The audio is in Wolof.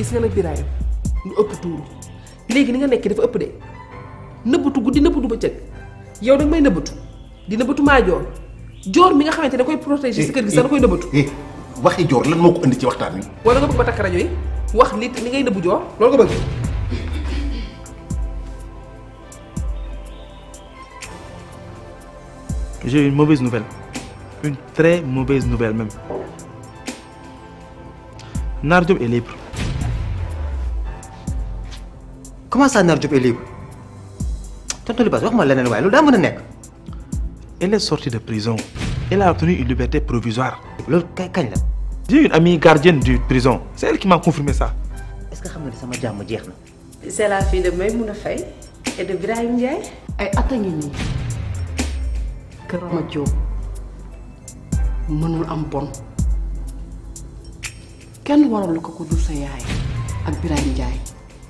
gis nga nag biraayam lu ëpp tuuru léegi ni nga nekk dafa ëpp de nëbbatu guddi nëbbatu bëccëg yow danga may nëbbatu di nëbbatu maa joor joor mi nga xamante da koy protéger si kër gi sax da koy nëbbatu eh, eh, eh, waxi joor lan moo ko indi ci waxtaan wi wala nga bëgg ba takk rajo yi wax nit ni ngay nëbbu joor loolu nga bëgg J'ai une mauvaise nouvelle. Une très mauvaise nouvelle même. Nardiop est libre comment ça Nardiop est libre tonton Libasse wax ma leneen waaye loolu daa mën a elle est sortie de prison elle a obtenu une liberté provisoire. loolu kañ la. j'ai une amie gardienne du prison c'est elle qui m'a confirmé ça. est-ce que xam nga ne sama jàmm jeex c'est la fille de Maïmouna Faye et de Brahim Diaye. ay at a ngi nii kër Rama Diop mënul am bon kenn waral ko ko dul sa yaay ak Birahim Ndiaye.